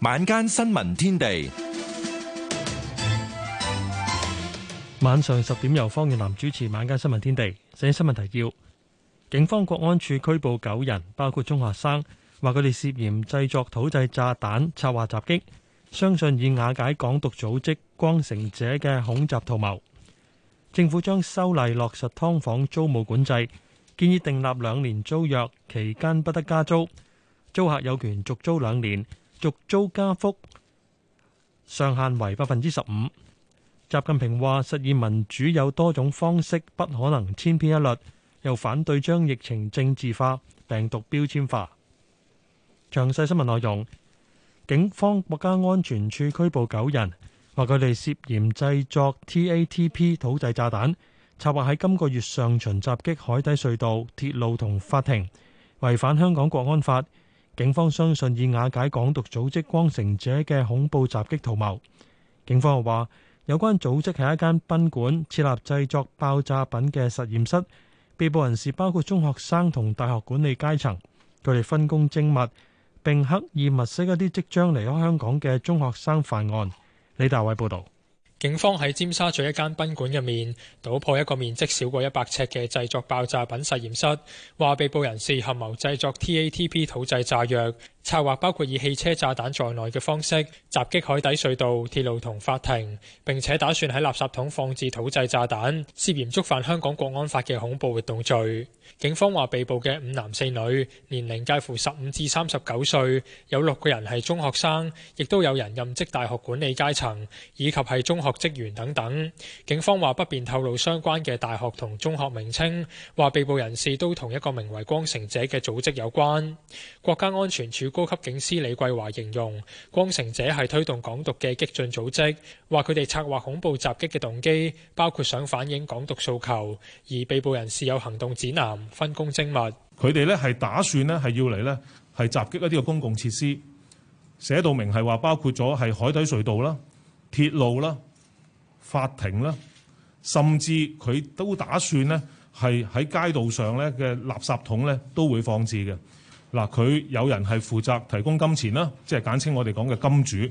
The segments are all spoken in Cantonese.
晚間新聞天地，晚上十點由方月南主持。晚間新聞天地，先新聞提要：警方國安處拘捕九人，包括中學生，話佢哋涉嫌製作土製炸彈，策劃襲擊，相信以瓦解港獨組織光城者嘅恐襲圖謀。政府將修例落實劏房租務管制，建議訂立兩年租約，期間不得加租，租客有權續租兩年。續租加幅上限為百分之十五。習近平話：實現民主有多種方式，不可能千篇一律。又反對將疫情政治化、病毒標籤化。詳細新聞內容，警方國家安全處拘捕九人，話佢哋涉嫌製作 TATP 土製炸彈，策劃喺今個月上旬襲擊海底隧道、鐵路同法庭，違反香港國安法。警方相信以瓦解港獨組織光城者嘅恐怖襲擊圖謀。警方又話，有關組織係一間賓館設立製作爆炸品嘅實驗室，被捕人士包括中學生同大學管理階層，佢哋分工精密，並刻意物色一啲即將離開香港嘅中學生犯案。李大偉報道。警方喺尖沙咀一間賓館入面，搗破一個面積少過一百尺嘅製作爆炸品實驗室，話被捕人士合謀製作 TATP 土製炸藥。策劃包括以汽車炸彈在內嘅方式襲擊海底隧道、鐵路同法庭，並且打算喺垃圾桶放置土製炸彈，涉嫌觸犯香港國安法嘅恐怖活動罪。警方話被捕嘅五男四女，年齡介乎十五至三十九歲，有六個人係中學生，亦都有人任職大學管理階層以及係中學職員等等。警方話不便透露相關嘅大學同中學名稱，話被捕人士都同一個名為光城者嘅組織有關。國家安全處。高級警司李桂華形容光城者係推動港獨嘅激進組織，話佢哋策劃恐怖襲擊嘅動機包括想反映港獨訴求，而被捕人士有行動指南，分工精密。佢哋呢係打算呢係要嚟呢係襲擊一啲嘅公共設施，寫到明係話包括咗係海底隧道啦、鐵路啦、法庭啦，甚至佢都打算呢係喺街道上呢嘅垃圾桶呢都會放置嘅。嗱，佢有人係負責提供金錢啦，即係簡稱我哋講嘅金主，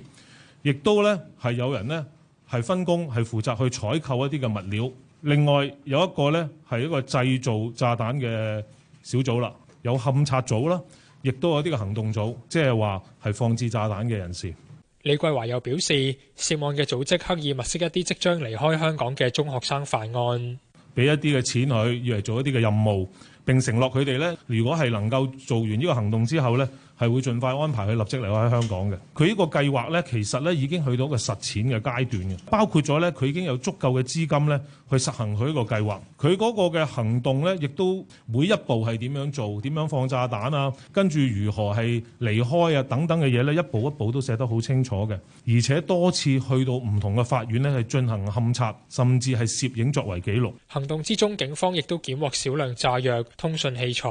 亦都呢，係有人呢，係分工係負責去採購一啲嘅物料。另外有一個呢，係一個製造炸彈嘅小組啦，有勘察組啦，亦都有啲嘅行動組，即係話係放置炸彈嘅人士。李桂華又表示，涉案嘅組織刻意物色一啲即將離開香港嘅中學生犯案，俾一啲嘅錢佢，要嚟做一啲嘅任務。並承諾佢哋咧，如果係能夠做完呢個行動之後咧。係會盡快安排佢立即離開香港嘅。佢呢個計劃呢，其實呢已經去到一個實踐嘅階段嘅。包括咗呢，佢已經有足夠嘅資金呢去實行佢呢個計劃。佢嗰個嘅行動呢，亦都每一步係點樣做、點樣放炸彈啊，跟住如何係離開啊等等嘅嘢呢，一步一步都寫得好清楚嘅。而且多次去到唔同嘅法院呢，係進行勘察，甚至係攝影作為記錄。行動之中，警方亦都檢獲少量炸藥、通訊器材、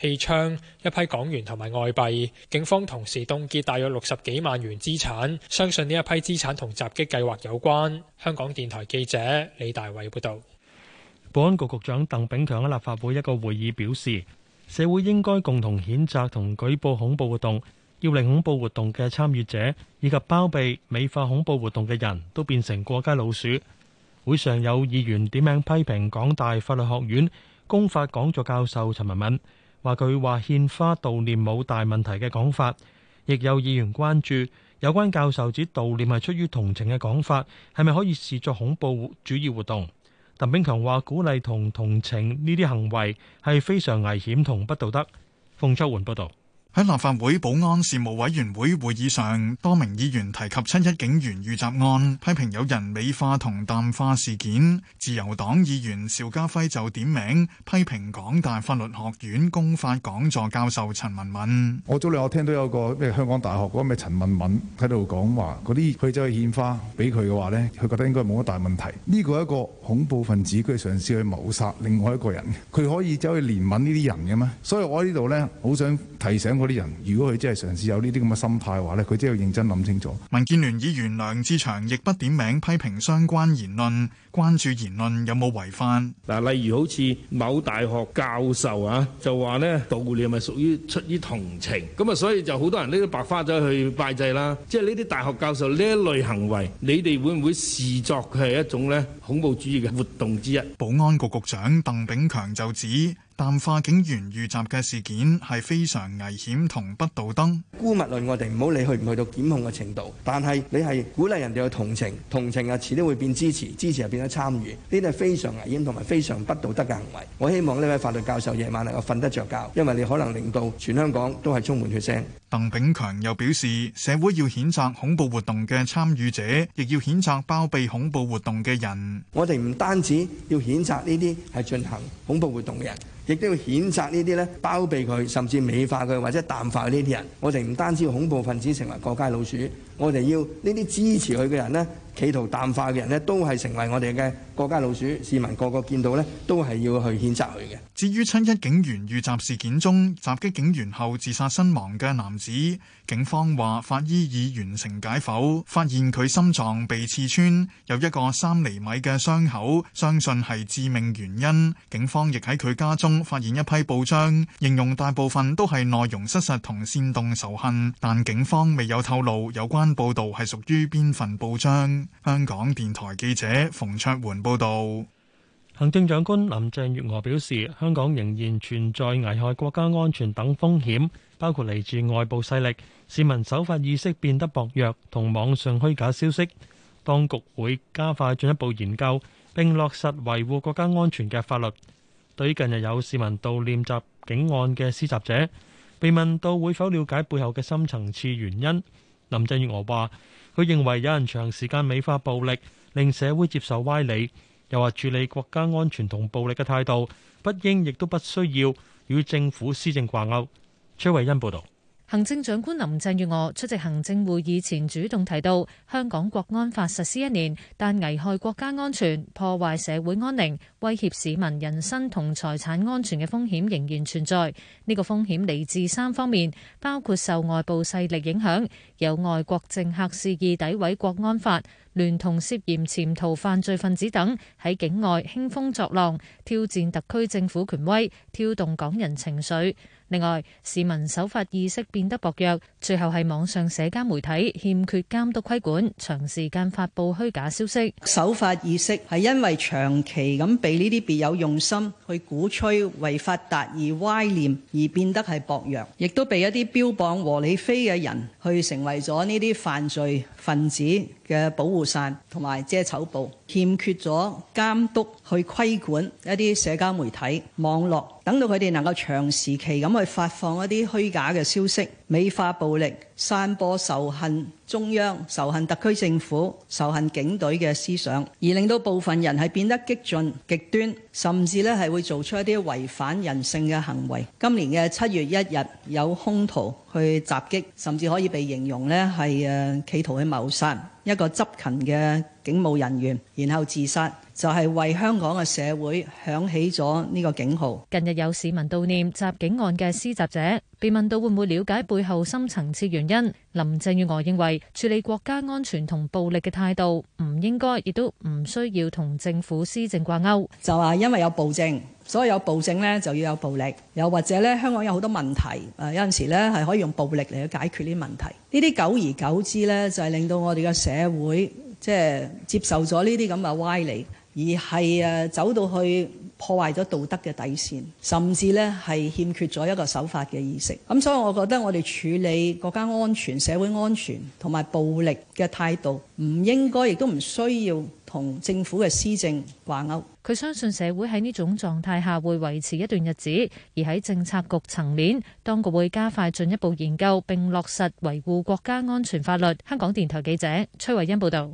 氣槍、一批港元同埋外幣。警方同時凍結大約六十幾萬元資產，相信呢一批資產同襲擊計劃有關。香港電台記者李大衛報道。保安局局長鄧炳強喺立法會一個會議表示，社會應該共同譴責同舉報恐怖活動，要令恐怖活動嘅參與者以及包庇美化恐怖活動嘅人都變成過街老鼠。會上有議員點名批評港大法律學院公法講座教授陳文敏。.話佢話獻花悼念冇大問題嘅講法，亦有議員關注有關教授指悼念係出於同情嘅講法，係咪可以視作恐怖主義活動？鄧炳強話鼓勵同同情呢啲行為係非常危險同不道德。馮卓桓報道。喺立法會保安事務委員會會議上，多名議員提及七一警員遇襲案，批評有人美化同淡化事件。自由黨議員邵家輝就點名批評港大法律學院公法講座教授陳文敏。我早兩日聽到有個咩香港大學嗰個咩陳文敏喺度講話，嗰啲佢走去獻花俾佢嘅話咧，佢覺得應該冇乜大問題。呢個係一個恐怖分子佢嘗試去謀殺另外一個人，佢可以走去憐憫呢啲人嘅咩？所以我喺呢度咧好想提醒。嗰啲人，如果佢真係嘗試有呢啲咁嘅心態嘅話，呢佢真係要認真諗清楚。民建聯議員梁志祥亦不點名批評相關言論，關注言論有冇違反嗱，例如好似某大學教授啊，就話呢，咧悼念係咪屬於出於同情，咁啊，所以就好多人拎白花仔去拜祭啦。即係呢啲大學教授呢一類行為，你哋會唔會視作佢係一種咧恐怖主義嘅活動之一？保安局局長鄧炳強就指，淡化警員遇襲嘅事件係非常危險同不道德。姑勿論我哋唔好理去唔去到檢控嘅程度，但係你係鼓勵人哋去同情，同情啊遲啲會變支持，支持又變咗參與，呢啲係非常危險同埋非常不道德嘅行為。我希望呢位法律教授夜晚能夠瞓得着覺，因為你可能令到全香港都係充滿血腥。鄧炳強又表示，社會要譴責恐怖活動嘅參與者，亦要譴責包庇恐怖活動嘅人。我哋唔單止要譴責呢啲係進行恐怖活動嘅人，亦都要譴責呢啲咧包庇佢，甚至美化佢或者淡化呢啲人。我哋唔單止要恐怖分子成為過街老鼠，我哋要呢啲支持佢嘅人咧。企圖淡化嘅人呢，都係成為我哋嘅國家老鼠，市民個個見到呢，都係要去譴責佢嘅。至於親一警員遇襲事件中，襲擊警員後自殺身亡嘅男子。警方話法醫已完成解剖，發現佢心臟被刺穿，有一個三厘米嘅傷口，相信係致命原因。警方亦喺佢家中發現一批報章，形容大部分都係內容失實同煽動仇恨，但警方未有透露有關報道係屬於邊份報章。香港電台記者馮卓桓報道。行政長官林鄭月娥表示，香港仍然存在危害國家安全等風險。包括嚟自外部勢力、市民守法意識變得薄弱同網上虛假消息，當局會加快進一步研究並落實維護國家安全嘅法律。對於近日有市民悼念襲警案嘅施襲者，被問到會否了解背後嘅深層次原因，林鄭月娥話：佢認為有人長時間美化暴力，令社會接受歪理，又話處理國家安全同暴力嘅態度，不應亦都不需要與政府施政掛鈎。崔慧欣報道，行政長官林鄭月娥出席行政會議前主動提到，香港國安法實施一年，但危害國家安全、破壞社會安寧、威脅市民人身同財產安全嘅風險仍然存在。呢個風險嚟自三方面，包括受外部勢力影響，有外國政客肆意詆毀國安法，聯同涉嫌潛逃犯犯罪分子等喺境外興風作浪，挑戰特區政府權威，挑動港人情緒。另外，市民守法意識變得薄弱，最後係網上社交媒體欠缺監督規管，長時間發布虛假消息。守法意識係因為長期咁被呢啲別有用心去鼓吹違法達義歪念而變得係薄弱，亦都被一啲標榜和理非嘅人去成為咗呢啲犯罪分子嘅保護傘同埋遮醜布，欠缺咗監督去規管一啲社交媒體網絡。等到佢哋能夠長時期咁去發放一啲虛假嘅消息、美化暴力、散播仇恨中央、仇恨特區政府、仇恨警隊嘅思想，而令到部分人係變得激進、極端，甚至呢係會做出一啲違反人性嘅行為。今年嘅七月一日有兇徒去襲擊，甚至可以被形容呢係企圖去謀殺。一個執勤嘅警務人員，然後自殺，就係、是、為香港嘅社會響起咗呢個警號。近日有市民悼念襲警案嘅施襲者，被問到會唔會了解背後深層次原因？林鄭月娥認為處理國家安全同暴力嘅態度唔應該，亦都唔需要同政府施政掛鈎。就話因為有暴政，所以有暴政咧就要有暴力，又或者咧香港有好多問題，誒有陣時咧係可以用暴力嚟去解決呢啲問題。呢啲久而久之咧就係、是、令到我哋嘅社會即係、就是、接受咗呢啲咁嘅歪理，而係誒走到去。破壞咗道德嘅底線，甚至咧係欠缺咗一個守法嘅意識。咁所以，我覺得我哋處理國家安全、社會安全同埋暴力嘅態度，唔應該亦都唔需要同政府嘅施政掛鈎。佢相信社會喺呢種狀態下會維持一段日子，而喺政策局層面，當局會加快進一步研究並落實維護國家安全法律。香港電台記者崔慧恩報道。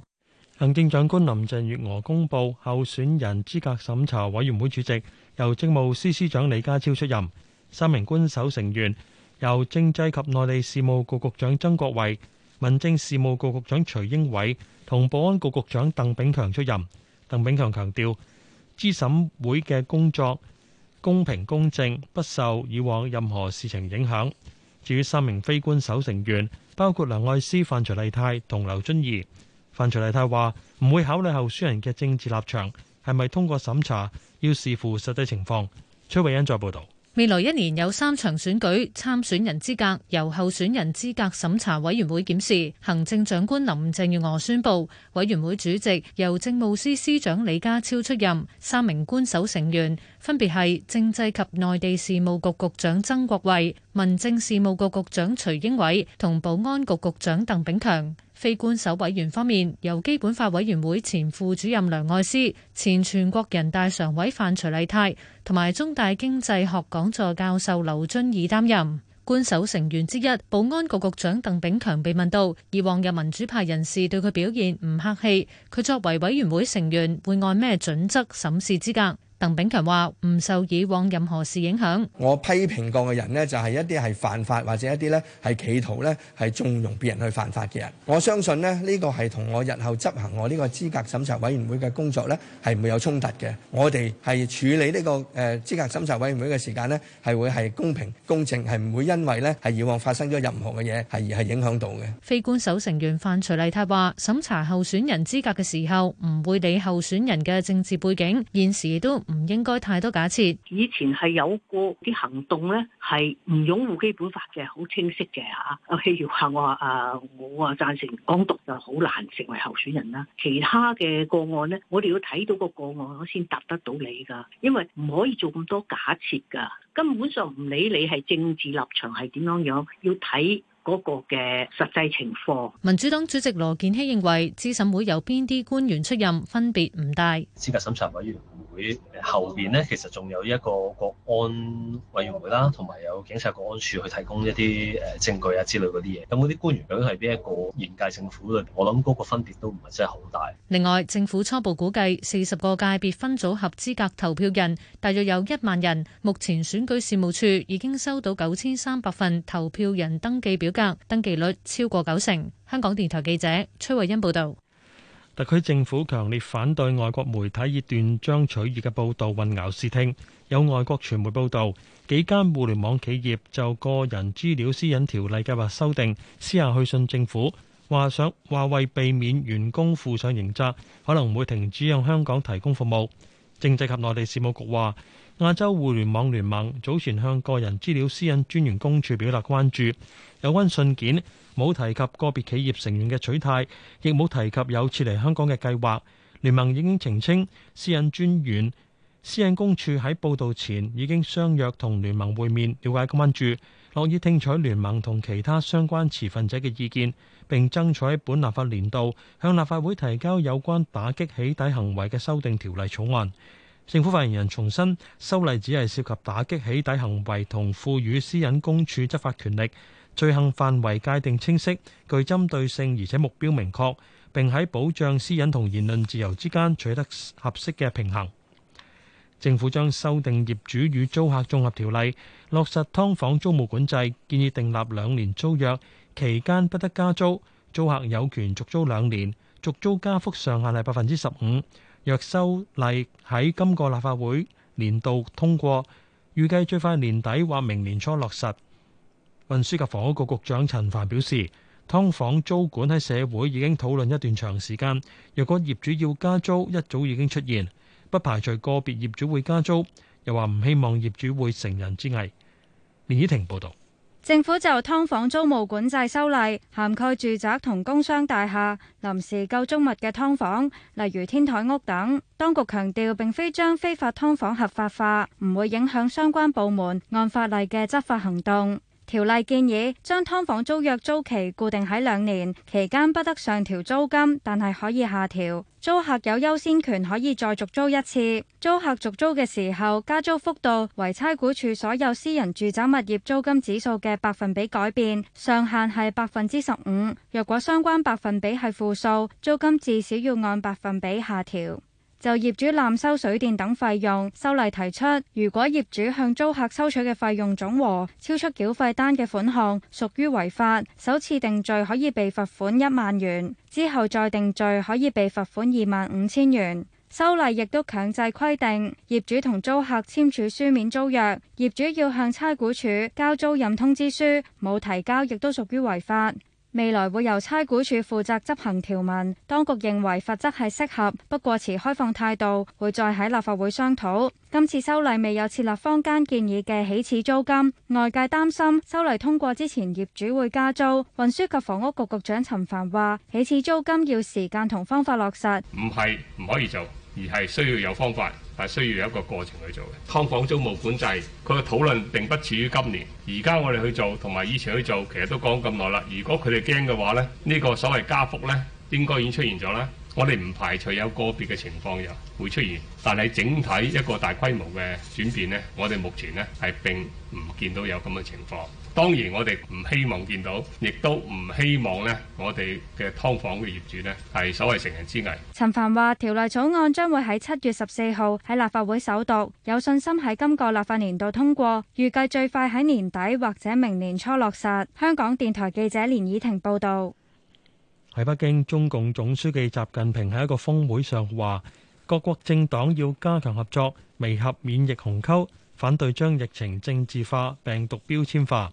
行政長官林鄭月娥公布候選人資格審查委員會主席由政務司司長李家超出任，三名官守成員由政制及內地事務局局長曾國衛、民政事務局局長徐英偉同保安局局長鄧炳強出任。鄧炳強強調，資審會嘅工作公平公正，不受以往任何事情影響。至於三名非官守成員，包括梁愛詩、范徐麗泰同劉遵義。范徐麗泰話：唔會考慮候選人嘅政治立場，係咪通過審查，要視乎實際情況。崔慧恩再報道：未來一年有三場選舉，參選人資格由候選人資格審查委員會檢視。行政長官林鄭月娥宣布，委員會主席由政務司司長李家超出任，三名官守成員分別係政制及內地事務局局長曾國衛、民政事務局局長徐英偉同保安局局長鄧炳強。非官守委員方面，由基本法委員會前副主任梁愛詩、前全國人大常委范徐麗泰同埋中大經濟學講座教授劉遵義擔任。官守成員之一，保安局局長鄧炳強被問到，以往有民主派人士對佢表現唔客氣，佢作為委員會成員會按咩準則審視資格？鄧炳強話：唔受以往任何事影響。我批評過嘅人呢，就係一啲係犯法，或者一啲呢係企圖呢係縱容別人去犯法嘅人。我相信呢，呢個係同我日後執行我呢個資格審查委員會嘅工作呢係唔會有衝突嘅。我哋係處理呢個誒資格審查委員會嘅時間呢，係會係公平公正，係唔會因為呢係以往發生咗任何嘅嘢係而係影響到嘅。非官守成員范徐麗泰話：審查候選人資格嘅時候唔會理候選人嘅政治背景，現時亦都。唔應該太多假設。以前係有過啲行動咧，係唔擁護基本法嘅，好清晰嘅嚇。譬如話我啊，我啊贊成港獨就好難成為候選人啦。其他嘅個案咧，我哋要睇到個個案我先答得到你噶，因為唔可以做咁多假設噶。根本上唔理你係政治立場係點樣樣，要睇，嗰個嘅實際情況，民主黨主席羅健熙認為資審會有邊啲官員出任分別唔大。資格審查委員會後邊呢，其實仲有一個國安委員會啦，同埋有警察國安處去提供一啲誒證據啊之類嗰啲嘢。咁嗰啲官員究竟係邊一個現屆政府裏面？我諗嗰個分別都唔係真係好大。另外，政府初步估計四十個界別分組合資格投票人大約有一萬人。目前選舉事務處已經收到九千三百份投票人登記表。登記率超過九成。香港電台記者崔慧欣報道，特區政府強烈反對外國媒體以斷章取義嘅報道混淆視聽。有外國傳媒報道，幾間互聯網企業就個人資料私隱條例計劃，修訂私下去信政府，話想話為避免員工負上刑責，可能唔會停止向香港提供服務。政制及內地事務局話。亞洲互聯網聯盟早前向個人資料私隱專員公署表達關注，有關信件冇提及個別企業成員嘅取態，亦冇提及有撤離香港嘅計劃。聯盟已經澄清，私隱專員、私隱公署喺報道前已經相約同聯盟會面，了解關注，樂意聽取聯盟同其他相關持份者嘅意見，並爭取本立法年度向立法會提交有關打擊起底行為嘅修訂條例草案。政府發言人重申，修例只係涉及打擊起底行為同賦予私隱公署執法權力，罪行範圍界定清晰、具針對性，而且目標明確，並喺保障私隱同言論自由之間取得合適嘅平衡。政府將修訂業主與租客綜合條例，落實劏房租務管制，建議訂立兩年租約，期間不得加租，租客有權續租兩年，續租加幅上限係百分之十五。若修例喺今個立法會年度通過，預計最快年底或明年初落實。運輸及房屋局局長陳帆表示，劏房租管喺社會已經討論一段長時間，若果業主要加租，一早已經出現，不排除個別業主會加租，又話唔希望業主會乘人之危。連依婷報道。政府就劏房租務管制修例，涵蓋住宅同工商大廈、臨時構築物嘅劏房，例如天台屋等。當局強調，並非將非法劏房合法化，唔會影響相關部門按法例嘅執法行動。條例建議將劏房租約租期固定喺兩年，期間不得上調租金，但係可以下調。租客有優先權可以再續租一次。租客續租嘅時候，加租幅度為差估處所有私人住宅物業租金指數嘅百分比改變，上限係百分之十五。若果相關百分比係負數，租金至少要按百分比下調。就業主濫收水電等費用，修例提出，如果業主向租客收取嘅費用總和超出繳費單嘅款項，屬於違法。首次定罪可以被罰款一萬元，之後再定罪可以被罰款二萬五千元。修例亦都強制規定業主同租客簽署書面租約，業主要向差估署交租賃通知書，冇提交亦都屬於違法。未來會由差估署負責執行條文，當局認為罰則係適合，不過持開放態度，會再喺立法會商討。今次修例未有設立坊間建議嘅起始租金，外界擔心修例通過之前業主會加租。運輸及房屋局局長陳帆話：起始租金要時間同方法落實，唔係唔可以做，而係需要有方法。係需要一個過程去做嘅，劏房租務管制，佢嘅討論並不止於今年。而家我哋去做，同埋以前去做，其實都講咁耐啦。如果佢哋驚嘅話咧，呢、呢個所謂加幅咧，應該已經出現咗啦。我哋唔排除有個別嘅情況又會出現，但係整體一個大規模嘅轉變呢，我哋目前咧係並唔見到有咁嘅情況。當然，我哋唔希望見到，亦都唔希望呢，我哋嘅劏房嘅業主呢，係所謂乘人之危。陳凡話：條例草案將會喺七月十四號喺立法會首讀，有信心喺今個立法年度通過，預計最快喺年底或者明年初落實。香港電台記者連以婷報導。喺北京，中共總書記習近平喺一個峰會上話：各國政黨要加強合作，彌合免疫鴻溝，反對將疫情政治化、病毒標籤化。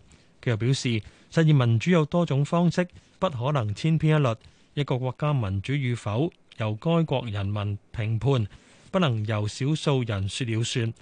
又表示，實現民主有多種方式，不可能千篇一律。一個國家民主與否，由該國人民評判，不能由少數人說了算。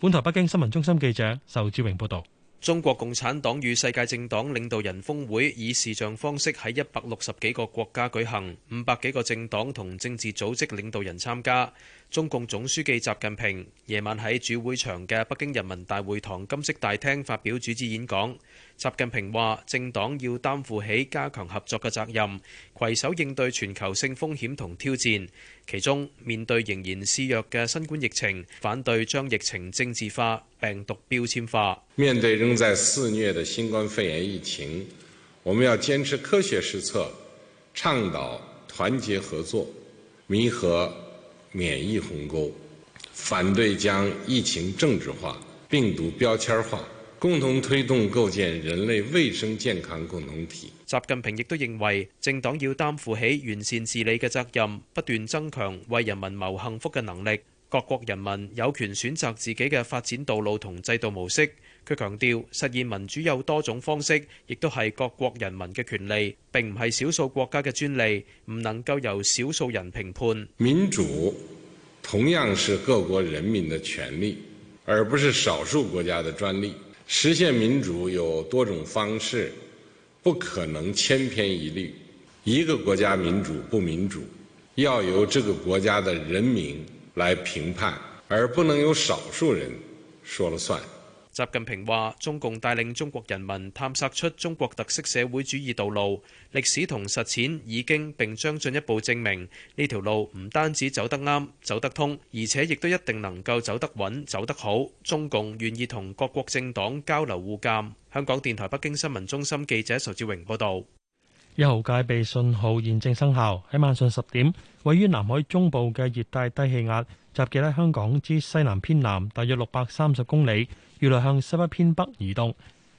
本台北京新聞中心記者仇志榮報道，中國共產黨與世界政黨領導人峰會以視像方式喺一百六十幾個國家舉行，五百幾個政黨同政治組織領導人參加。中共總書記習近平夜晚喺主會場嘅北京人民大會堂金色大廳發表主旨演講。習近平話：政黨要擔負起加強合作嘅責任，攜手應對全球性風險同挑戰。其中，面對仍然肆虐嘅新冠疫情，反對將疫情政治化、病毒標籤化。面對仍在肆虐嘅新冠肺炎疫情，我們要堅持科學施策，倡導團結合作，彌合免疫鴻溝，反對將疫情政治化、病毒標籤化，共同推動構建人類衞生健康共同體。習近平亦都認為，政黨要擔負起完善治理嘅責任，不斷增強為人民謀幸福嘅能力。各國人民有權選擇自己嘅發展道路同制度模式。佢強調實現民主有多種方式，亦都係各國人民嘅權利，並唔係少數國家嘅專利，唔能夠由少數人評判。民主同樣是各國人民嘅權利，而不是少數國家嘅專利。實現民主有多種方式，不可能千篇一律。一個國家民主不民主，要由這個國家嘅人民來評判，而不能由少數人說了算。習近平話：中共帶領中國人民探索出中國特色社會主義道路，歷史同實踐已經並將進一步證明呢條路唔單止走得啱、走得通，而且亦都一定能夠走得穩、走得好。中共願意同各國政黨交流互鑑。香港電台北京新聞中心記者仇志榮報道。一號戒備信號現正生效，喺晚上十點，位於南海中部嘅熱帶低氣壓集結喺香港之西南偏南，大約六百三十公里。預料向西北偏北移動。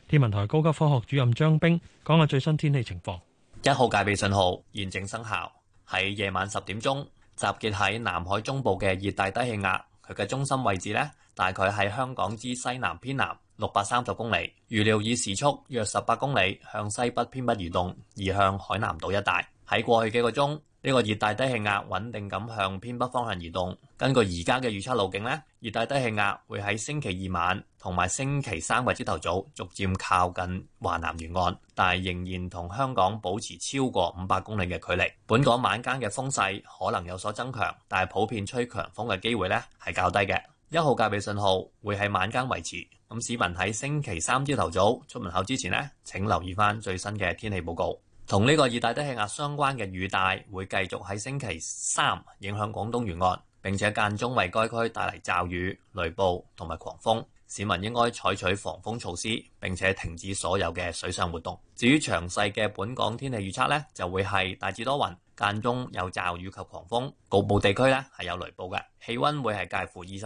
天文台高級科學主任張冰講下最新天氣情況。一號戒備信號現正生效。喺夜晚十點鐘集結喺南海中部嘅熱帶低氣壓，佢嘅中心位置呢，大概喺香港之西南偏南六百三十公里。預料以時速約十八公里向西北偏北移動，移向海南島一帶。喺過去幾個鐘。呢個熱帶低氣壓穩定咁向偏北方向移動。根據而家嘅預測路徑咧，熱帶低氣壓會喺星期二晚同埋星期三嘅朝頭早，逐漸靠近華南沿岸，但係仍然同香港保持超過五百公里嘅距離。本港晚間嘅風勢可能有所增強，但係普遍吹強風嘅機會咧係較低嘅。一號戒備信號會喺晚間維持。咁市民喺星期三朝頭早出門口之前呢，請留意翻最新嘅天氣報告。同呢個熱帶低氣壓相關嘅雨帶會繼續喺星期三影響廣東沿岸，並且間中為該區帶嚟驟雨、雷暴同埋狂風。市民應該採取防風措施，並且停止所有嘅水上活動。至於詳細嘅本港天氣預測呢，就會係大致多雲，間中有驟雨及狂風，局部地區呢係有雷暴嘅。氣温會係介乎二十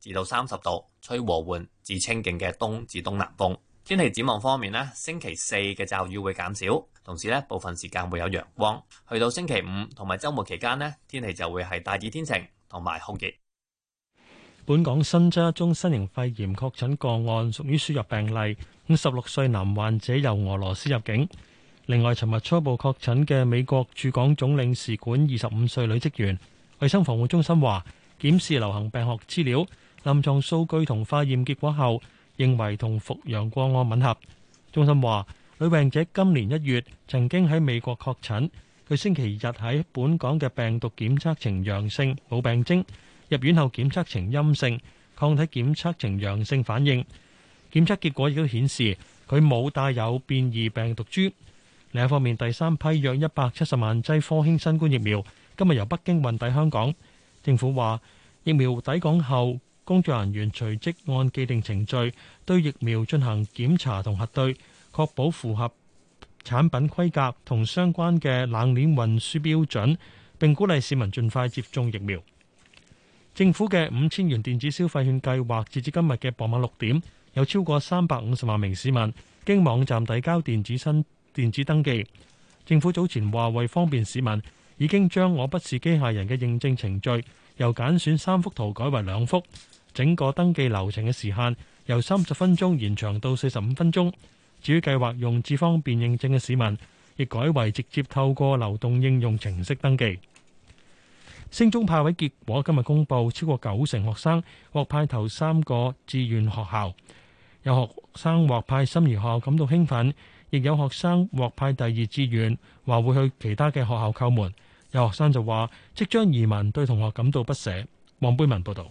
七至到三十度，吹和緩至清勁嘅東至東南風。天氣展望方面咧，星期四嘅驟雨會減少，同時咧，部分時間會有陽光。去到星期五同埋周末期間咧，天氣就會係大致天晴同埋酷熱。本港新增一宗新型肺炎確診個案，屬於輸入病例。五十六歲男患者由俄羅斯入境。另外，尋日初步確診嘅美國駐港總領事館二十五歲女職員。衛生防護中心話，檢視流行病學資料、臨床數據同化驗結果後。認為同復陽個案吻合。中心話，女病者今年一月曾經喺美國確診，佢星期日喺本港嘅病毒檢測呈陽性，冇病徵。入院後檢測呈陰性，抗體檢測呈陽性反應。檢測結果亦都顯示佢冇帶有變異病毒株。另一方面，第三批約一百七十萬劑科興新冠疫苗今日由北京運抵香港。政府話，疫苗抵港後。工作人員隨即按既定程序對疫苗進行檢查同核對，確保符合產品規格同相關嘅冷鏈運輸標準。並鼓勵市民盡快接種疫苗。政府嘅五千元電子消費券計劃截至今日嘅傍晚六點，有超過三百五十萬名市民經網站遞交電子申電子登記。政府早前話為方便市民，已經將《我不是機械人》嘅認證程序由揀選三幅圖改為兩幅。整個登記流程嘅時限由三十分鐘延長到四十五分鐘。至於計劃用智方便認證嘅市民，亦改為直接透過流動應用程式登記。升中派位結果今日公布，超過九成學生獲派頭三個志願學校。有學生獲派心儀學校，感到興奮，亦有學生獲派第二志願，話會去其他嘅學校叩門。有學生就話即將移民對同學感到不捨。黃貝文報道。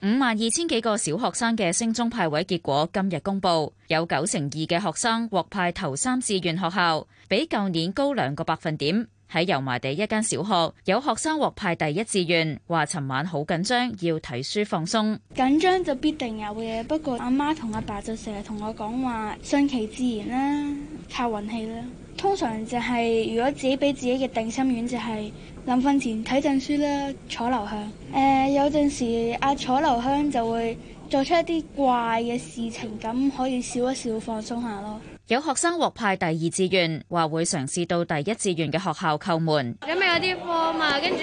五萬二千幾個小學生嘅升中派位結果今日公布，有九成二嘅學生獲派頭三志願學校，比舊年高兩個百分點。喺油麻地一間小學，有學生獲派第一志願，話尋晚好緊張，要睇書放鬆。緊張就必定有嘅，不過阿媽同阿爸，爸就成日同我講話，順其自然啦，靠運氣啦。通常就係、是、如果自己俾自己嘅定心丸就係臨瞓前睇陣書啦，楚留香。誒、呃，有陣時阿楚留香就會做出一啲怪嘅事情，咁可以笑一笑放鬆下咯。有學生獲派第二志願，話會嘗試到第一志願嘅學校叩門。咁咪有啲課嘛，跟住。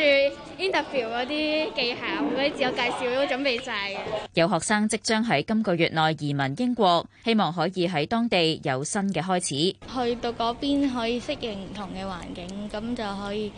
Interview 嗰啲技巧，嗰啲自我介紹都準備曬嘅。有學生即將喺今個月內移民英國，希望可以喺當地有新嘅開始。去到嗰邊可以適應唔同嘅環境，咁就可以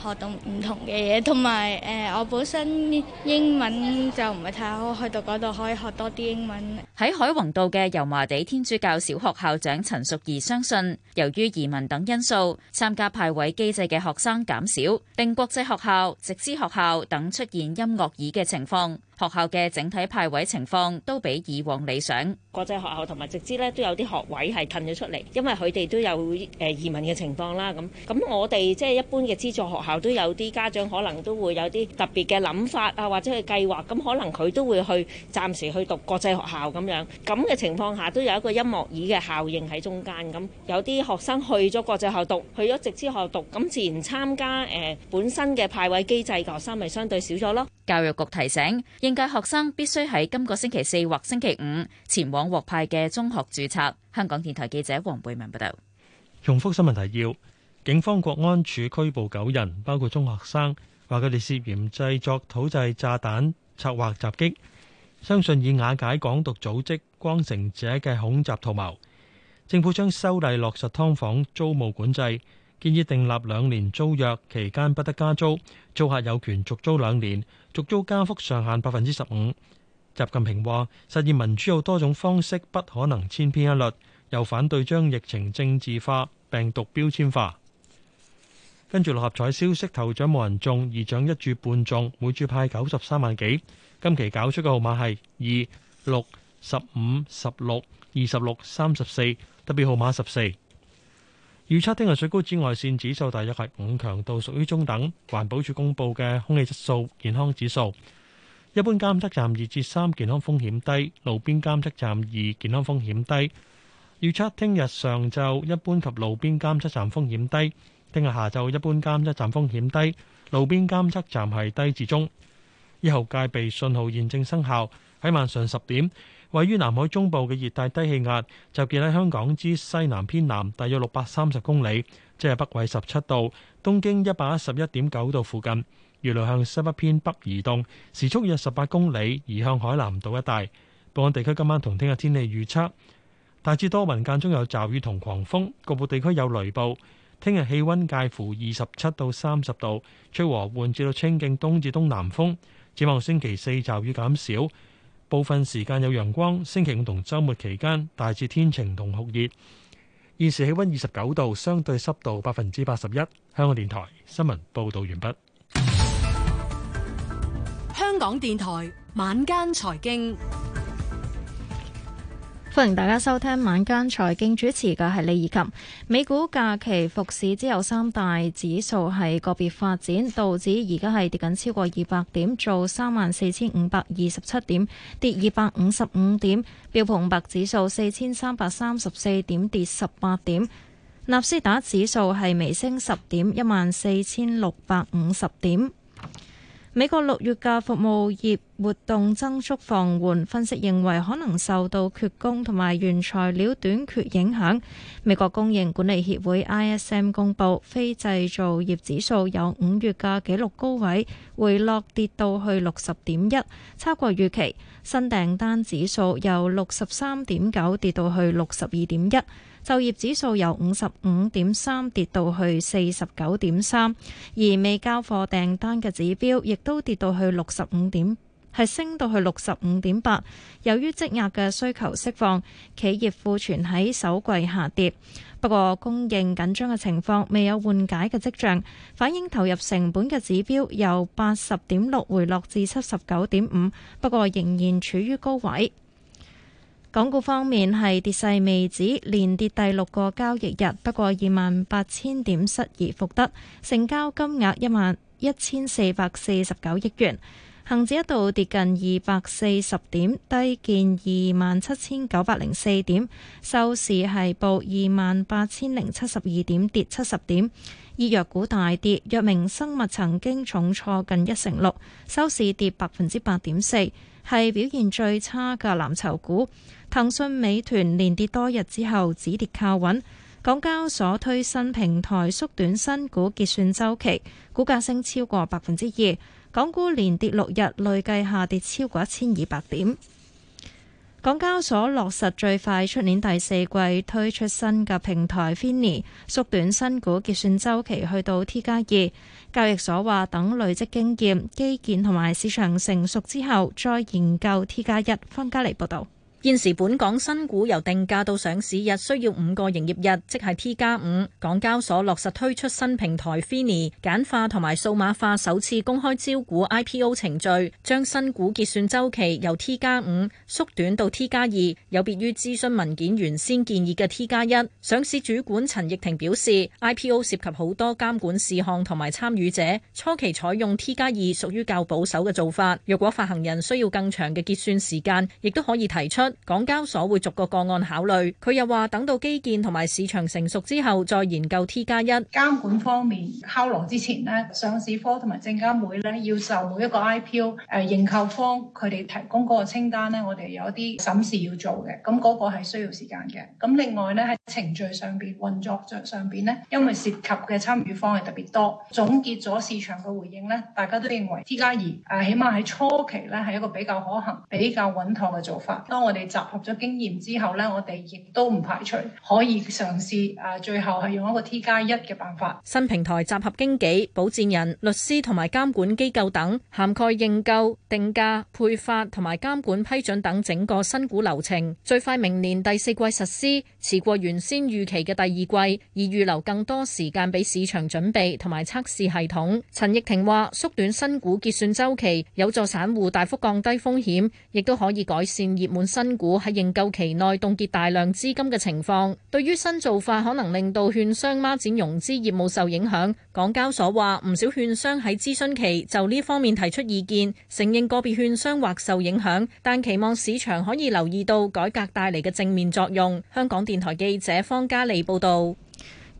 誒學到唔同嘅嘢，同埋誒我本身英文就唔係太好，去到嗰度可以學多啲英文。喺海泓道嘅油麻地天主教小學校長陳淑儀相信，由於移民等因素，參加派位機制嘅學生減少，令國際學校直私學校等出現音樂椅嘅情況。學校嘅整體派位情況都比以往理想。國際學校同埋直資咧都有啲學位係褪咗出嚟，因為佢哋都有誒移民嘅情況啦。咁咁我哋即係一般嘅資助學校都有啲家長可能都會有啲特別嘅諗法啊，或者係計劃。咁可能佢都會去暫時去讀國際學校咁樣。咁嘅情況下都有一個音樂椅嘅效應喺中間。咁有啲學生去咗國際學校讀，去咗直資學校讀，咁自然參加誒本身嘅派位機制嘅學生咪相對少咗咯。教育局提醒。界學生必須喺今個星期四或星期五前往獲派嘅中學註冊。香港電台記者黃貝文報道。重複新聞提要：警方國安處拘捕九人，包括中學生，話佢哋涉嫌製作土製炸彈，策劃襲擊，相信以瓦解港獨組織光城者嘅恐襲圖謀。政府將修例落實劏房租務管制。建議訂立兩年租約，期間不得加租，租客有權續租兩年，續租加幅上限百分之十五。習近平話：實現民主有多種方式，不可能千篇一律。又反對將疫情政治化、病毒標籤化。跟住六合彩消息，頭獎冇人中，二獎一注半中，每注派九十三萬幾。今期搞出嘅號碼係二六十五十六二十六三十四，特別號碼十四。預測聽日最高紫外線指數大約係五，強度屬於中等。環保署公布嘅空氣質素健康指數，一般監測站二至三，健康風險低；路邊監測站二，健康風險低。預測聽日上晝一般及路邊監測站風險低，聽日下晝一般監測站風險低，路邊監測站係低至中。一號戒備信號現正生效，喺晚上十點。位於南海中部嘅熱帶低氣壓就集結喺香港之西南偏南，大約六百三十公里，即係北緯十七度、東經一百一十一點九度附近，預料向西北偏北移動，時速約十八公里，移向海南島一帶。本港地區今晚同聽日天氣預測，大致多雲間中有驟雨同狂風，局部地區有雷暴。聽日氣温介乎二十七到三十度，吹和緩至到清勁東至東南風。展望星期四驟雨減少，部分時間有陽光，星期五同週末期間大致天晴同酷熱。現時氣温二十九度，相對濕度百分之八十一。香港電台新聞報導完畢。香港電台晚間財經。歡迎大家收聽晚間財經，主持嘅係李怡琴。美股假期復市之後，三大指數係個別發展，道指而家係跌緊超過二百點，做三萬四千五百二十七點，跌二百五十五點。標普五百指數四千三百三十四點，跌十八點。納斯達指數係微升十點，一萬四千六百五十點。美國六月嘅服務業活動增速放緩，分析認為可能受到缺工同埋原材料短缺影響。美國供應管理協會 ISM 公佈非製造業指數由五月嘅紀錄高位，回落跌到去六十點一，超過預期。新訂單指數由六十三點九跌到去六十二點一。就業指數由五十五點三跌到去四十九點三，而未交貨訂單嘅指標亦都跌到去六十五點，係升到去六十五點八。由於積壓嘅需求釋放，企業庫存喺首季下跌，不過供應緊張嘅情況未有緩解嘅跡象。反映投入成本嘅指標由八十點六回落至七十九點五，不過仍然處於高位。港股方面係跌勢未止，連跌第六個交易日，不過二萬八千點失而復得，成交金額一萬一千四百四十九億元。恒指一度跌近二百四十點，低見二萬七千九百零四點，收市係報二萬八千零七十二點，跌七十點。醫藥股大跌，藥明生物曾經重挫近一成六，收市跌百分之八點四，係表現最差嘅藍籌股。騰訊、騰訊美團連跌多日之後止跌靠穩。港交所推新平台縮短新股結算周期，股價升超過百分之二。港股連跌六日，累計下跌超過一千二百點。港交所落實最快出年第四季推出新嘅平台 FINI，縮短新股結算周期去到 T 加二。交易所話等累積經驗、基建同埋市場成熟之後，再研究 T 加一。1，方家麗報道。現時本港新股由定價到上市日需要五個營業日，即係 T 加五。港交所落實推出新平台 FINI，簡化同埋數碼化首次公開招股 IPO 程序，將新股結算周期由 T 加五縮短到 T 加二，有別於諮詢文件原先建議嘅 T 加一。上市主管陳翊庭表示，IPO 涉及好多監管事項同埋參與者，初期採用 T 加二屬於較保守嘅做法。若果發行人需要更長嘅結算時間，亦都可以提出。港交所會逐個個案考慮，佢又話等到基建同埋市場成熟之後再研究 T 加一。監管方面敲鑼之前呢，上市科同埋證監會咧要受每一個 IPO 誒、啊、認購方佢哋提供嗰個清單咧，我哋有一啲審視要做嘅，咁、那、嗰個係需要時間嘅。咁另外咧喺程序上邊運作上邊咧，因為涉及嘅參與方係特別多，總結咗市場嘅回應咧，大家都認為 T 加二啊，起碼喺初期咧係一個比較可行、比較穩妥嘅做法。當我哋。集合咗經驗之後呢，我哋亦都唔排除可以嘗試啊。最後係用一個 T 加一嘅辦法。新平台集合經紀、保薦人、律師同埋監管機構等，涵蓋認購、定價、配發同埋監管批准等整個新股流程，最快明年第四季實施，遲過原先預期嘅第二季，以預留更多時間俾市場準備同埋測試系統。陳翊庭話：縮短新股結算週期，有助散戶大幅降低風險，亦都可以改善熱門新股喺認購期內凍結大量資金嘅情況，對於新做法可能令到券商孖展融資業務受影響。港交所話唔少券商喺諮詢期就呢方面提出意見，承認個別券商或受影響，但期望市場可以留意到改革帶嚟嘅正面作用。香港電台記者方嘉莉報道。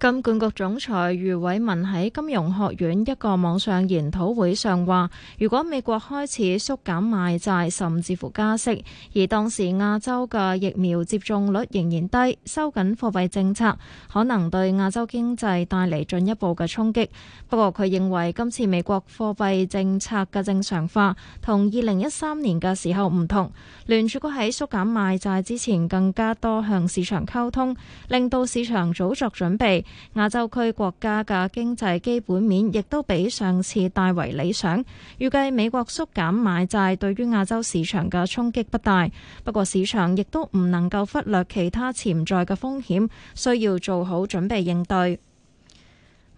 金管局總裁余偉文喺金融學院一個網上研討會上話，如果美國開始縮減賣債，甚至乎加息，而當時亞洲嘅疫苗接種率仍然低，收緊貨幣政策可能對亞洲經濟帶嚟進一步嘅衝擊。不過，佢認為今次美國貨幣政策嘅正常化同二零一三年嘅時候唔同，聯儲局喺縮減賣債之前更加多向市場溝通，令到市場早作準備。亞洲區國家嘅經濟基本面亦都比上次大為理想，預計美國縮減買債對於亞洲市場嘅衝擊不大，不過市場亦都唔能夠忽略其他潛在嘅風險，需要做好準備應對。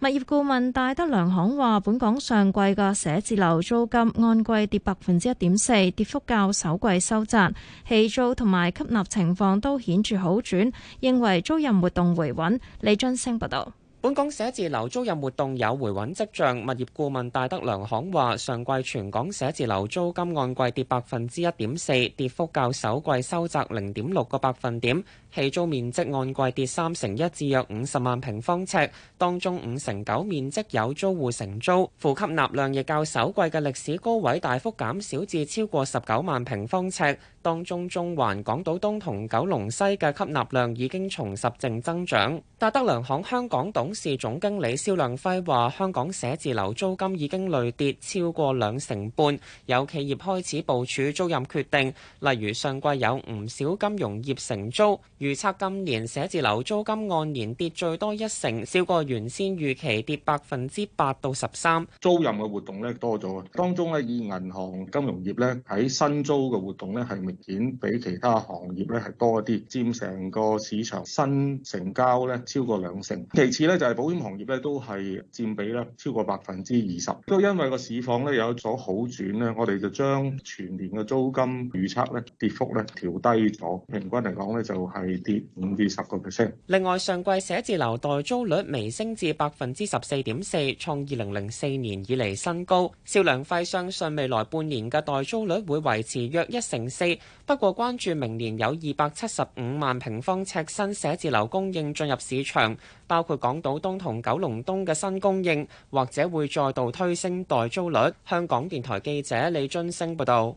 物業顧問戴德梁行話，本港上季嘅寫字樓租金按季跌百分之一點四，跌幅較首季收窄，起租同埋吸納情況都顯著好轉，認為租賃活動回穩。李俊升報道。本港寫字樓租賃活動有回穩跡象，物業顧問戴德梁行話：上季全港寫字樓租金按季跌百分之一點四，跌幅較首季收窄零點六個百分點。棄租面積按季跌三成一，至約五十萬平方尺，當中五成九面積有租戶承租。負吸納量亦較首季嘅歷史高位大幅減少至超過十九萬平方尺，當中中環、港島東同九龍西嘅吸納量已經重拾正增長。戴德梁行香港董市總經理肖亮輝話，香港寫字樓租金已經累跌超過兩成半，有企業開始部署租賃決定。例如上季有唔少金融業承租，預測今年寫字樓租金按年跌最多一成，超過原先預期跌百分之八到十三。租賃嘅活動咧多咗，當中咧以銀行金融業咧喺新租嘅活動咧係明顯比其他行業咧係多啲，佔成個市場新成交咧超過兩成。其次咧。就係保險行業咧，都係佔比咧超過百分之二十。都因為個市況咧有所好轉咧，我哋就將全年嘅租金預測咧跌幅咧調低咗，平均嚟講咧就係跌五至十個 percent。另外，上季寫字樓代租率微升至百分之十四點四，創二零零四年以嚟新高。邵良輝相信未來半年嘅代租率會維持約一成四，不過關注明年有二百七十五萬平方尺新寫字樓供應進入市場，包括港島東同九龍東嘅新供應，或者會再度推升代租率。香港電台記者李津升報道。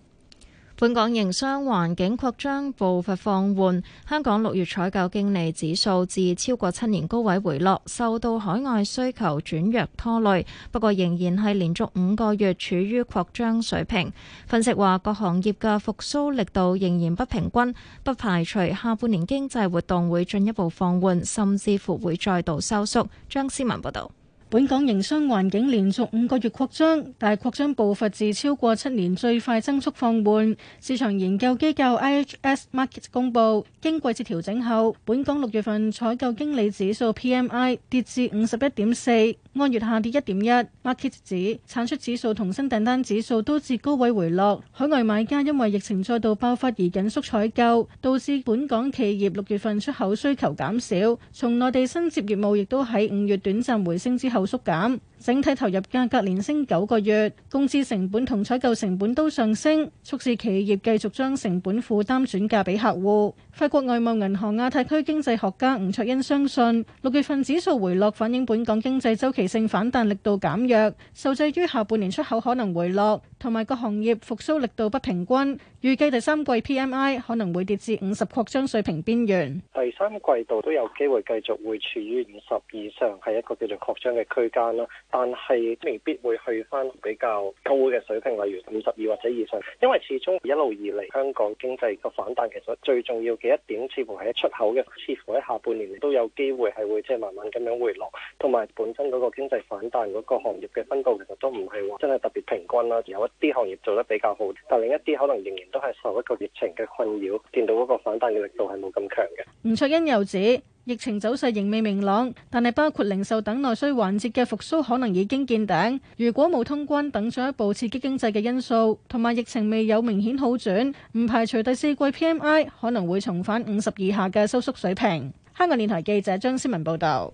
本港營商環境擴張步伐放緩，香港六月採購經理指數至超過七年高位回落，受到海外需求轉弱拖累。不過，仍然係連續五個月處於擴張水平。分析話，各行業嘅復甦力度仍然不平均，不排除下半年經濟活動會進一步放緩，甚至乎會再度收縮。張思文報道。本港營商環境連續五個月擴張，但擴張步伐至超過七年最快增速放緩。市場研究機構 IHS Market 公佈，經季節調整後，本港六月份採購經理指數 PMI 跌至五十一點四。按月下跌一點一。Markit 指產出指數同新訂單指數都自高位回落。海外買家因為疫情再度爆發而緊縮採購，導致本港企業六月份出口需求減少。從內地新接業務亦都喺五月短暫回升之後縮減。整體投入價格連升九個月，工資成本同採購成本都上升，促使企業繼續將成本負擔轉嫁俾客戶。法國外貿銀行亞太區經濟學家吳卓恩相信，六月份指數回落反映本港經濟周期性反彈力度減弱，受制於下半年出口可能回落，同埋各行業復蘇力度不平均。預計第三季 PMI 可能會跌至五十擴張水平邊緣。第三季度都有機會繼續會處於五十以上，係一個叫做擴張嘅區間啦。但係未必會去翻比較高嘅水平，例如五十二或者以上。因為始終一路以嚟，香港經濟個反彈其實最重要嘅一點似，似乎係出口嘅，似乎喺下半年都有機會係會即係慢慢咁樣回落。同埋本身嗰個經濟反彈嗰個行業嘅分布，其實都唔係話真係特別平均啦。有一啲行業做得比較好，但另一啲可能仍然。都係受一個疫情嘅困擾，見到嗰個反彈嘅力度係冇咁強嘅。吳卓欣又指，疫情走勢仍未明朗，但係包括零售等內需環節嘅復甦可能已經見頂。如果冇通關等進一步刺激經濟嘅因素，同埋疫情未有明顯好轉，唔排除第四季 PMI 可能會重返五十以下嘅收縮水平。香港電台記者張思文報道。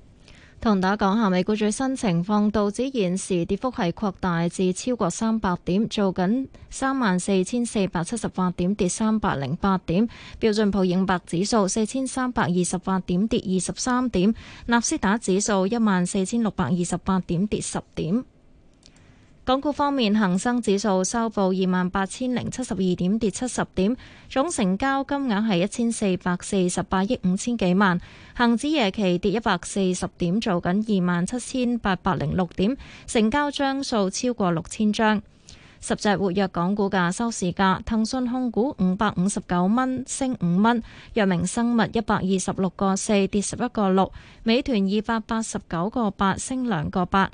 同大家講下美股最新情況，道指現時跌幅係擴大至超過三百點，做緊三萬四千四百七十八點，跌三百零八點；標準普爾五百指數四千三百二十八點，跌二十三點；納斯達指數一萬四千六百二十八點，跌十點。港股方面，恒生指數收報二萬八千零七十二點，跌七十點，總成交金額係一千四百四十八億五千幾萬。恒指夜期跌一百四十點，做緊二萬七千八百零六點，成交張數超過六千張。十隻活躍港股嘅收市價：騰訊控股五百五十九蚊升五蚊，藥明生物一百二十六個四跌十一個六，美團二百八十九個八升兩個八。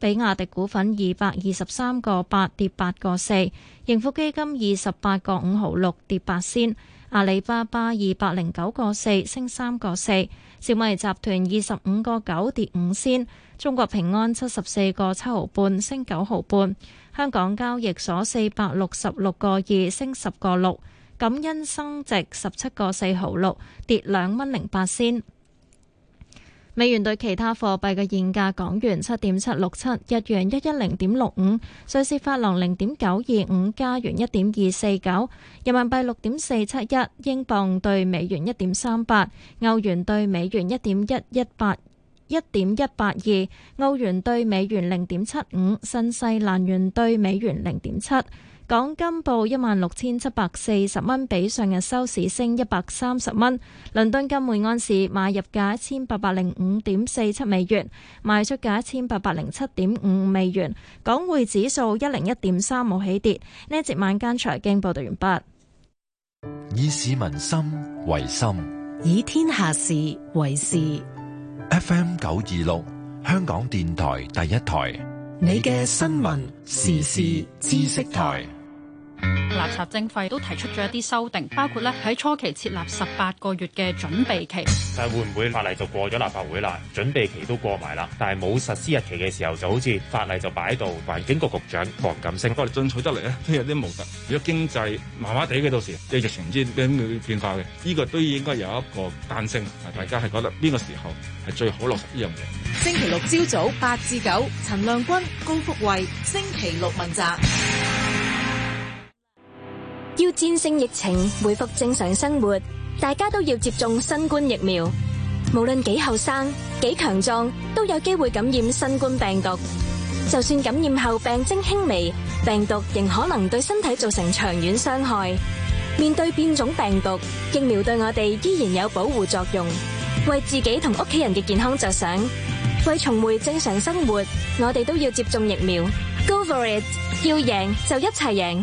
比亞迪股份二百二十三個八跌八個四，盈富基金二十八個五毫六跌八仙，阿里巴巴二百零九個四升三個四，小米集團二十五個九跌五仙，中國平安七十四個七毫半升九毫半，香港交易所四百六十六個二升十個六，感恩升值十七個四毫六跌兩蚊零八仙。美元兌其他貨幣嘅現價：港元七點七六七，日元一一零點六五，瑞士法郎零點九二五，加元一點二四九，人民幣六點四七一，英鎊對美元一點三八，歐元對美元一點一一八，一點一八二，澳元對美元零點七五，新西蘭元對美元零點七。港金報一萬六千七百四十蚊，比上日收市升一百三十蚊。倫敦金每安士買入價一千八百零五點四七美元，賣出價一千八百零七點五五美元。港匯指數一零一點三，冇起跌。呢一節晚間財經報道完畢。以市民心為心，以天下事為事。F. M. 九二六，香港電台第一台，你嘅新聞的時事知識台。查徵費都提出咗一啲修訂，包括咧喺初期設立十八個月嘅準備期。但係會唔會法例就過咗立法會啦？準備期都過埋啦，但係冇實施日期嘅時候，就好似法例就擺喺度。環境局、嗯、局局長黃錦星，不過進取得嚟咧都有啲矛盾。如果經濟麻麻地嘅，到時疫情之咁變化嘅，呢、呢個都應該有一個彈性。啊，大家係覺得邊個時候係最好落實呢樣嘢？星期六朝早八至九，9，陳亮君、高福慧，星期六問責。要戰勝疫情，回復正常生活，大家都要接種新冠疫苗。無論幾後生、幾強壯，都有機會感染新冠病毒。就算感染後病徵輕微，病毒仍可能對身體造成長遠傷害。面對變種病毒，疫苗對我哋依然有保護作用。為自己同屋企人嘅健康着想，為重回正常生活，我哋都要接種疫苗。Go for it！要贏就一齊贏。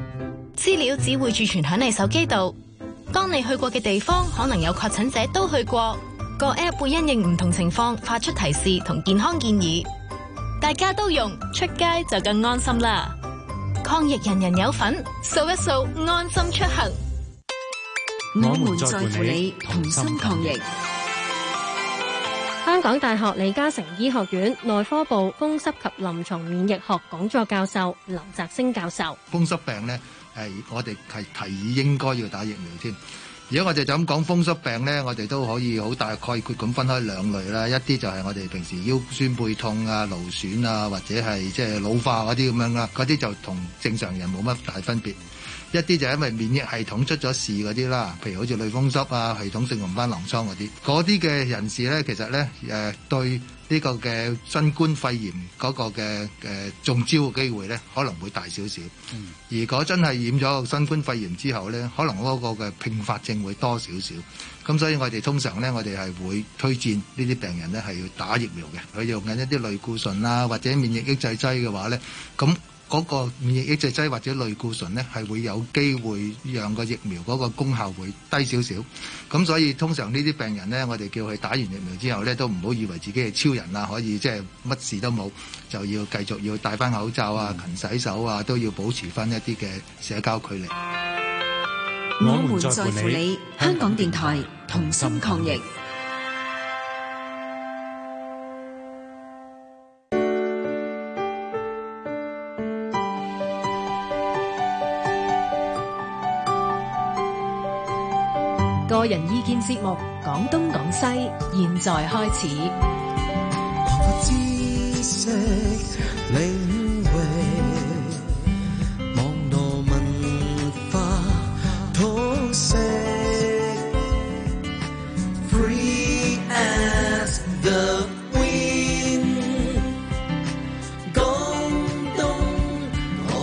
資料只會儲存喺你手機度。當你去過嘅地方可能有確診者都去過，個 app 會因應唔同情況發出提示同健康建議。大家都用，出街就更安心啦。抗疫人人有份，掃一掃安心出行。我們在乎你，同心抗疫。香港大學李嘉誠醫學院內科部風濕及臨床免疫學講座教授劉澤星教授，風濕病呢？誒，我哋係提議應該要打疫苗添。如果我哋就咁講風濕病咧，我哋都可以好大概括咁分開兩類啦。一啲就係我哋平時腰酸背痛啊、勞損啊，或者係即係老化嗰啲咁樣啊，嗰啲就同正常人冇乜大分別。一啲就因為免疫系統出咗事嗰啲啦，譬如好似類風濕啊、系統性紅斑狼瘡嗰啲，嗰啲嘅人士咧，其實咧誒、呃、對呢個嘅新冠肺炎嗰個嘅誒中招嘅機會咧，可能會大少少。嗯。如果真係染咗新冠肺炎之後咧，可能嗰個嘅併發症會多少少。咁所以我哋通常咧，我哋係會推薦呢啲病人咧係要打疫苗嘅。佢用緊一啲類固醇啊或者免疫抑制劑嘅話咧，咁。嗰個免疫抑制劑或者類固醇咧，係會有機會讓個疫苗嗰個功效會低少少。咁所以通常呢啲病人咧，我哋叫佢打完疫苗之後咧，都唔好以為自己係超人啦，可以即係乜事都冇，就要繼續要戴返口罩啊、勤洗手啊，都要保持返一啲嘅社交距離。我們在乎你，香港電台同心抗疫。個人意見節目《講東講西》，現在開始。